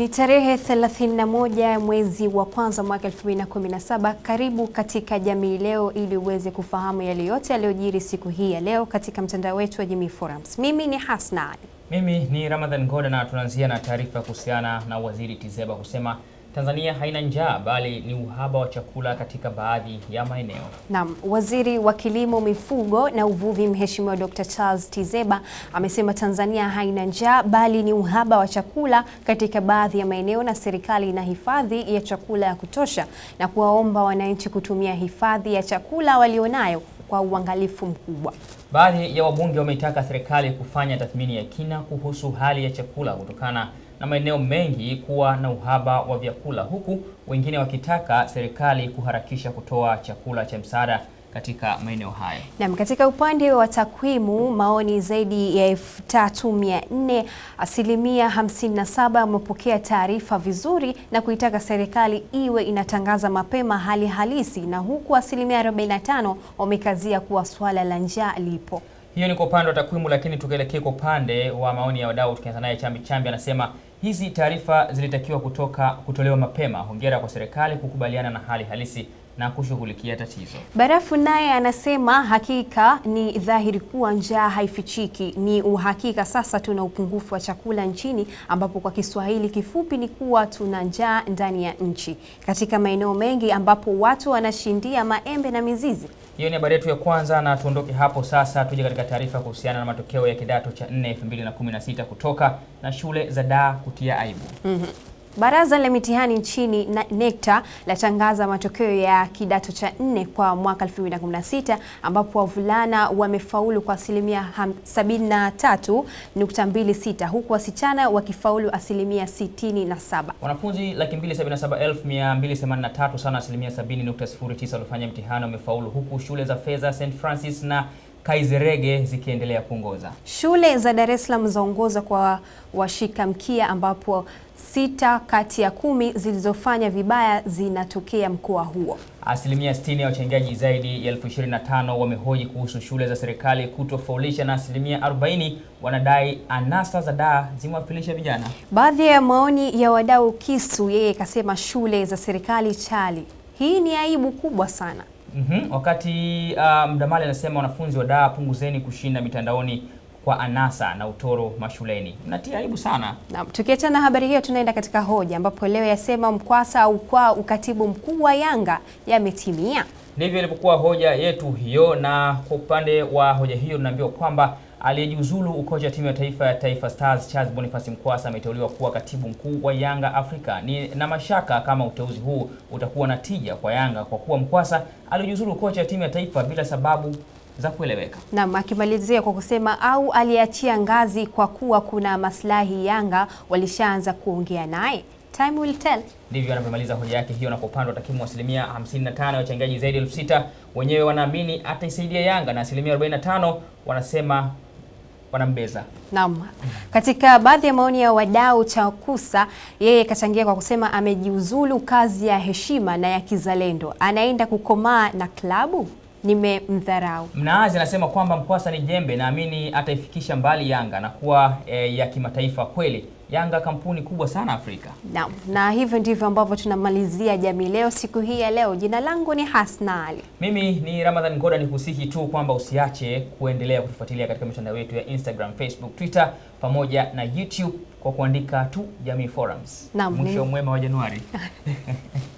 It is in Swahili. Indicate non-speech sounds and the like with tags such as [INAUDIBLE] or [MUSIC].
Ni tarehe 31 mwezi wa kwanza mwaka 2017. Karibu katika Jamii Leo ili uweze kufahamu yale yote yaliyojiri siku hii ya leo katika mtandao wetu wa Jamii Forums. Mimi ni Hasna Ali. Mimi ni Ramadhan goda na tunaanzia na taarifa kuhusiana na Waziri Tizeba kusema Tanzania haina njaa bali ni uhaba wa chakula katika baadhi ya maeneo. Naam, Waziri wa Kilimo, Mifugo na Uvuvi Mheshimiwa Dr. Charles Tizeba amesema Tanzania haina njaa bali ni uhaba wa chakula katika baadhi ya maeneo na serikali ina hifadhi ya chakula ya kutosha na kuwaomba wananchi kutumia hifadhi ya chakula walionayo kwa uangalifu mkubwa. Baadhi ya wabunge wameitaka serikali kufanya tathmini ya kina kuhusu hali ya chakula kutokana na maeneo mengi kuwa na uhaba wa vyakula, huku wengine wakitaka serikali kuharakisha kutoa chakula cha msaada katika maeneo hayo. Naam, katika upande wa takwimu, maoni zaidi ya elfu tatu mia nne, asilimia 57 wamepokea taarifa vizuri na kuitaka serikali iwe inatangaza mapema hali halisi, na huku asilimia 45 wamekazia kuwa swala la njaa lipo. Hiyo ni kwa upande wa takwimu, lakini tukielekea kwa upande wa maoni ya wadau, tukianza naye Chambi Chambi anasema hizi taarifa zilitakiwa kutoka kutolewa mapema. Hongera kwa serikali kukubaliana na hali halisi na kushughulikia tatizo. Barafu naye anasema hakika ni dhahiri kuwa njaa haifichiki, ni uhakika sasa tuna upungufu wa chakula nchini, ambapo kwa Kiswahili kifupi ni kuwa tuna njaa ndani ya nchi katika maeneo mengi ambapo watu wanashindia maembe na mizizi. Hiyo ni habari yetu ya kwanza, na tuondoke hapo sasa tuje katika taarifa kuhusiana na matokeo ya kidato cha 4 2016 kutoka na shule za daa kutia aibu. mm -hmm. Baraza la mitihani nchini NECTA latangaza matokeo ya kidato cha nne kwa mwaka 2016 ambapo wavulana wamefaulu kwa asilimia 73.26 huku wasichana wakifaulu asilimia 67. Wanafunzi 277,283 sana asilimia 70.09 waliofanya mtihani wamefaulu huku shule za Fedha, St Francis na Kaizerege zikiendelea kuongoza. Shule za Dar es Salaam zaongoza kwa washika mkia ambapo sita kati ya kumi zilizofanya vibaya zinatokea mkoa huo. Asilimia 60 ya wachangiaji zaidi ya elfu 25 wamehoji kuhusu shule za serikali kutofaulisha na asilimia 40 wanadai anasa za daa zimewafilisha vijana. Baadhi ya maoni ya wadau, Kisu yeye kasema shule za serikali chali, hii ni aibu kubwa sana. Mm -hmm. Wakati uh, ah, Mdamali anasema wanafunzi wa daa punguzeni kushinda mitandaoni kwa anasa na utoro mashuleni, mnatia aibu sana. Naam, tukiachana na habari hiyo, tunaenda katika hoja ambapo leo yasema mkwasa au kwa ukatibu mkuu wa Yanga yametimia. Ndivyo ilivyokuwa hoja yetu hiyo, na kwa upande wa hoja hiyo tunaambiwa kwamba Aliyejiuzulu ukocha wa timu ya taifa ya Taifa Stars Charles Boniface Mkwasa ameteuliwa kuwa katibu mkuu wa Yanga Afrika. Ni na mashaka kama uteuzi huu utakuwa na tija kwa Yanga kwa kuwa Mkwasa aliyejiuzulu ukocha wa timu ya taifa bila sababu za kueleweka. Naam, akimalizia kwa kusema au aliachia ngazi kwa kuwa kuna maslahi Yanga walishaanza kuongea naye. Time will tell. Ndivyo anavyomaliza hoja yake hiyo, wa takimu asilimia 55 ya wachangiaji zaidi ya elfu sita wenyewe wanaamini ataisaidia Yanga na asilimia 45 wanasema wanambeza Naam. Katika baadhi ya maoni ya wadau, Chakusa yeye kachangia kwa kusema amejiuzulu kazi ya heshima na ya kizalendo, anaenda kukomaa na klabu nimemdharau. Mnaazi anasema kwamba Mkwasa ni jembe, naamini ataifikisha mbali Yanga na kuwa e, ya kimataifa kweli. Yanga kampuni kubwa sana Afrika. Naam, na hivyo ndivyo ambavyo tunamalizia Jamii Leo siku hii ya leo. Jina langu ni Hasna Ali, mimi ni Ramadhan Ngoda. Nikusihi tu kwamba usiache kuendelea kutufuatilia katika mitandao yetu ya Instagram, Facebook, Twitter pamoja na YouTube kwa kuandika tu Jamii Forums. Mwisho mwema wa Januari. [LAUGHS]